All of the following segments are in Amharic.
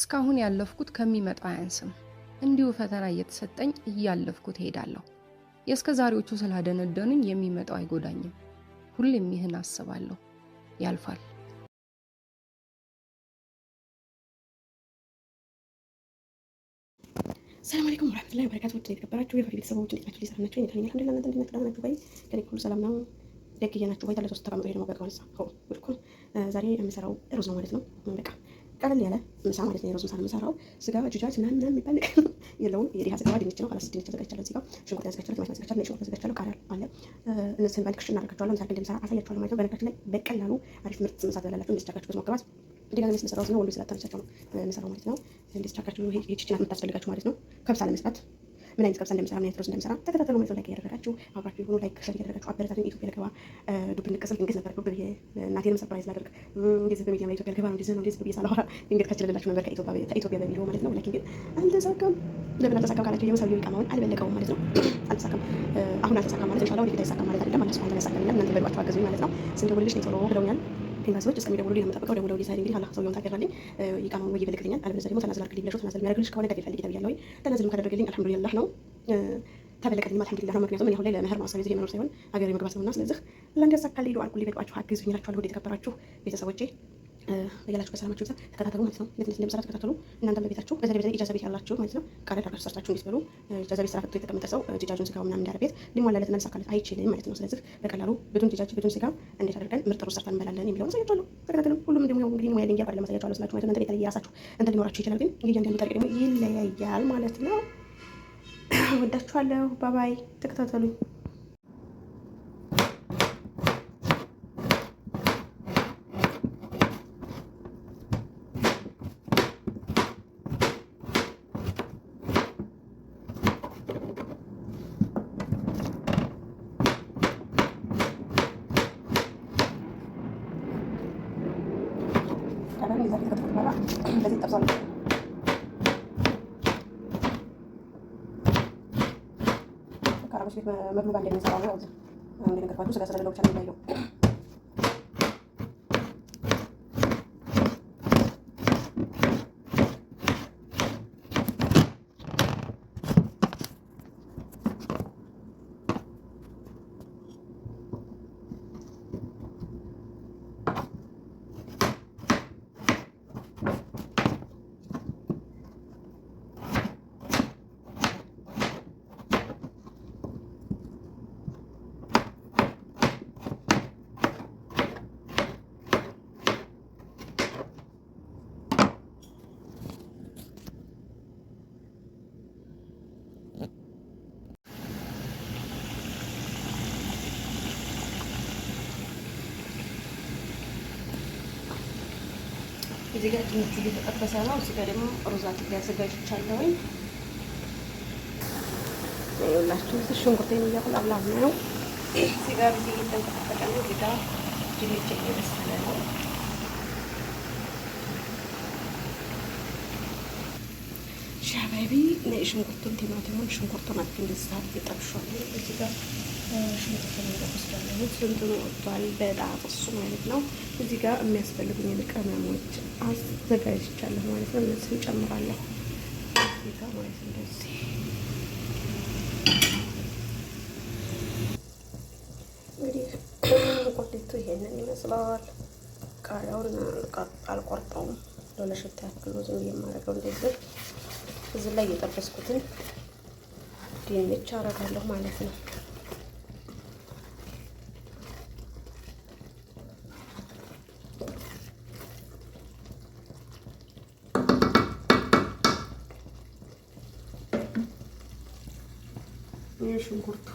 እስካሁን ያለፍኩት ከሚመጣው አያንስም። እንዲሁ ፈተና እየተሰጠኝ እያለፍኩት እሄዳለሁ። የእስከ ዛሬዎቹ ስላደነደኑኝ የሚመጣው አይጎዳኝም። ሁሌም ይህን አስባለሁ። ያልፋል። ሰላም አለይኩም ወራህመቱላሂ ወበረካቱ። ውድ የተከበራችሁ የፋፊ ቤተሰቦች እንዴት ናችሁ? ሰላም ናችሁ? ይታኛል አንድ ለእናንተ እንዴት ናችሁ? ናችሁ ባይ ከኔ ሁሉ ሰላም ነው። ደግ እየናችሁ ባይ ታለ ሶስት ተቀምጦ ይሄ ደግሞ በቃ ማለት ነው። ዛሬ የምሰራው ሩዝ ነው ማለት ነው። በቃ ቀለል ያለ ምሳ ማለት ነው። የሮዝ ምሳ ነው የምሰራው። ስጋ ጁጃጅ ምናምን ምናምን የሚባል ነገር የለውም። የዲሃ ስጋ ድንች ነው። አላስ ድንች ተዘጋጅቻለሁ። እዚህ ጋር ሽንኩርት ያዘጋጅቻለሁ፣ ቲማቲም ያዘጋጅቻለሁ፣ ሽንኩርት ያዘጋጅቻለሁ። ካራ አለ። እነዚህን በልክሽ እናደርጋቸዋለሁ። ምሳ እንደምሰራ አሳያቸዋለሁ ማለት ነው። በነገራችን ላይ በቀላሉ አሪፍ ምርጥ ምሳ ትበላላችሁ። እንዲስቻካችሁ በሞከራት ድጋሚ ስለ ሰራሁት ነው። ወንዱ ስላጣነቻቸው ነው የምሰራው ማለት ነው። እንዲስቻካችሁ ይሄ ቺቺናት የምታስፈልጋችሁ ማለት ነው። ከብሳ ለመስራት ምን አይነት ቀብሳ እንደሚሰራ ምን አይነት ሮዝ እንደሚሰራ ተከታተሉ። መዞ ላይ እያደረጋችሁ አብራችሁ የሆኑ ላይክ ሸር እያደረጋችሁ አበረታትን። ኢትዮጵያ ልገባ ዱብ ንቅስል ድንገት ነበር ዱብ እናቴንም ሰርፕራይዝ ላደርግ እንደዚህ በሚዲያ ላይ ኢትዮጵያ ልገባ ነው እንደዚህ ነው እንደዚህ ብዬ ሳላወራ ድንገት ከችልላችሁ ነበር ከኢትዮጵያ በሚለው ማለት ነው። ላኪን ግን አልተሳካም። ለምን አልተሳካም ካላችሁ የመሳቢያ ቃማውን አልበለቀውም ማለት ነው። አልተሳካም። አሁን አልተሳካም ማለት ኢንሻአላህ ወደፊት አይሳካም ማለት አይደለም። አላህ ሱብሃነሁ ወተዓላ እናንተ በዱዓችሁ አገዙኝ ማለት ነው። ስንደውልልሽ ነው ቶሎ ብለውኛል። ግን ሰዎች እስከሚደውሉ ሌላ መጠበቀው ደውለው ሊሳይድ እንግዲህ አላህ ሰውየውን ታገራልኝ ይቃማ ወይ አለበለዚያ ደግሞ ተናዝል አድርግልኝ ብለሽው ተናዝል የሚያደርግልሽ ከሆነ ገድ ይፈልግ ተብያለሁ። ተናዝልም ካደረገልኝ አልሐምዱሊላህ ነው ተበለቀልኝ አልሐምዱሊላህ ነው። ምክንያቱም እኔ አሁን ላይ ለመኸር ማሰብ ይዘህ የመኖር ሳይሆን ሀገሬ መግባት ነውና ስለዚህ ለእንዲያሳካልኝ ዱዓ አድርጉልኝ። በዱዓችሁ አግዙኝ እላችኋለሁ። የተከበራችሁ ቤተሰቦቼ በያላችሁ በሰላማችሁ ብዛት ተከታተሉ ማለት ነው። እንዴት እንዴት እንደምሰራ ተከታተሉ። እናንተም በቤታችሁ በዛ በተለይ ኢጃዛ ቤት ያላችሁ ማለት ነው ቃል አድርጋችሁ ሰርታችሁ እንዲትበሉ ኢጃዛ ቤት ስራ ፈጥቶ የተቀመጠ ሰው ጅጃጁን ስጋው ምናምን እንዳለ ቤት ሊሟላለት መልሳካለት አይችልም ማለት ነው። ስለዚህ በቀላሉ ብዱን ጅጃጅ ብዱን ስጋ እንዴት አድርገን ምርጥሩ ሩዝ ሰርተን እንበላለን የሚለውን አሳያችኋለሁ። ተከታተሉ። ሁሉም ደግሞ እንግዲህ ሙያ ልንገር አይደለም አሳያችኋለሁ ስላችሁ ማለት ነው። እናንተ ቤት የራሳችሁ እንትን ሊኖራችሁ ይችላል፣ ግን እንግዲህ እያንዳንዱ ጠሪቅ ደግሞ ይለያያል ማለት ነው። ወዳችኋለሁ። ባባይ ተከታተሉኝ። አረቦች ቤት መግባት እንደሚሰራ ነው። እንደነገርኳችሁ ስጋ ስለሌለው ብቻ ነው የሚለየው። እዚህ ጋር ድንቹ እየተጠበሰ ነው። እዚህ ጋር ደግሞ ሩዛት እያዘጋጅቻለሁኝ ይላችሁ እዚህ ሽንኩርቴን እያቁላላሁ ነው። እዚህ ጋር ጊዜ እየተንቀጠቀጠ ነው። እዚህ ጋር ድንች እየበሰለ ነው። ሻባቢ ናይ ሽንኩርቱን ቲማቲሙን ሽንኩርቱን አድርጌ እንደዚህ እየጠብሸዋለሁ። እዚህ ጋር ሽንኩርቱን እየጠበስኩ እንደምታዩት እንትኑ ወጥቷል። በጣም እሱ ማለት ነው። እዚህ ጋር የሚያስፈልጉኝ ቅመሞች አዘጋጅቻለሁ ማለት ነው። እነሱን እንጨምራለሁ እዚህ ማለት እንደዚህ እንግዲህ ቁሌቱ ይሄንን ይመስለዋል። ቃሪያውን አልቆርጠውም ለለሽታ ያክል ነው ዝም የማደርገው እንደዚህ እዚህ ላይ የጠበስኩትን ድንች አደርጋለሁ ማለት ነው። ሽንኩርቱ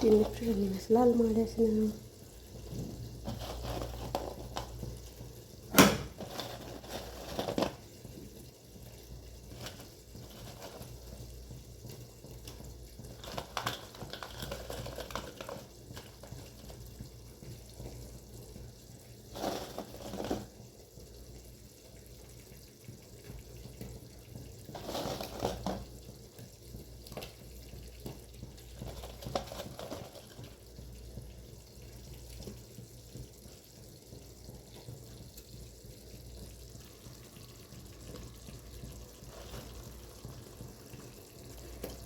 ድንቹ ይመስላል ማለት ነው።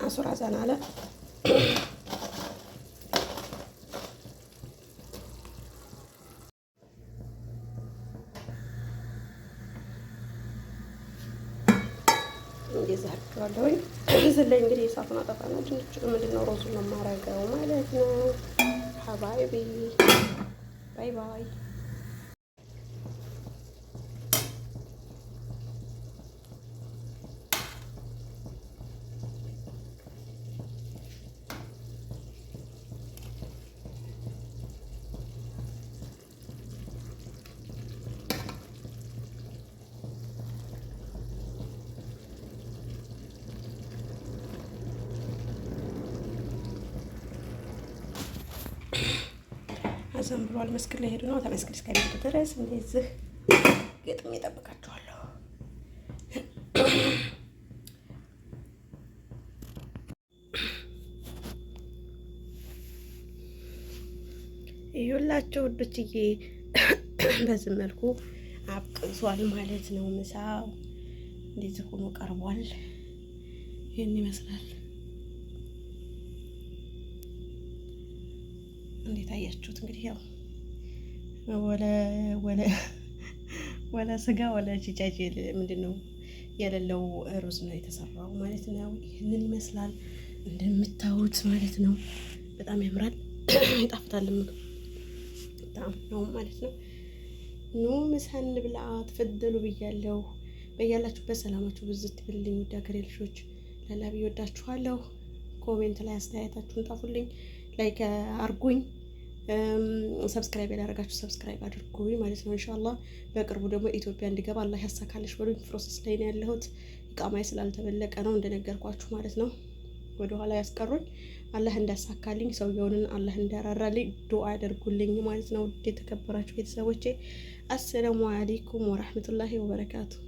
አሱራ ዘና አለ። እንደዛ አድርጌዋለሁ። እዚህ ላይ እንግዲህ እሳቱን ድንች ምንድን ነው ሮዙን ማለት ነው። ሀባይቢ ባይ ባይ እዘን ብሏል። መስጊድ ላይ ሄዱ ነው። ተመስጊድ እስከሚሄዱ ድረስ እንደዚህ ግጥም ይጠብቃቸዋለሁ። ይሁላችሁ ውዶችዬ፣ በዚህ መልኩ አብቅቷል ማለት ነው። ምሳው እንደዚህ ሆኖ ቀርቧል። ይህን ይመስላል። እንዴት አያችሁት? እንግዲህ ያው ወለ ስጋ ወለ ጭጫጭ ምንድን ነው የሌለው ሩዝ ነው የተሰራው ማለት ነው። ይህንን ይመስላል እንደምታዩት ማለት ነው። በጣም ያምራል፣ ይጣፍጣል። ምግብ በጣም ነው ማለት ነው። ኑ ምሳ እንብላ ትፈደሉ ብያለሁ። በያላችሁበት ሰላማችሁ ብዝት ብልኝ። ውድ ልጆች ለላቢ ይወዳችኋለሁ። ኮሜንት ላይ አስተያየታችሁን ጣፉልኝ። ላይክ አርጉኝ፣ ሰብስክራይብ ያደረጋችሁ ሰብስክራይብ አድርጉኝ ማለት ነው። እንሻላ በቅርቡ ደግሞ ኢትዮጵያ እንዲገባ አላህ ያሳካልሽ በሉኝ። ፕሮሰስ ላይ ነው ያለሁት። እቃማይ ስላልተበለቀ ነው እንደነገርኳችሁ ማለት ነው። ወደኋላ ያስቀሩኝ። አላህ እንዳሳካልኝ ሰውየውንን አላህ እንዳራራልኝ ዱአ ያደርጉልኝ ማለት ነው። ውድ የተከበራችሁ ቤተሰቦቼ አሰላሙ አለይኩም ወራህመቱላሂ ወበረካቱሁ።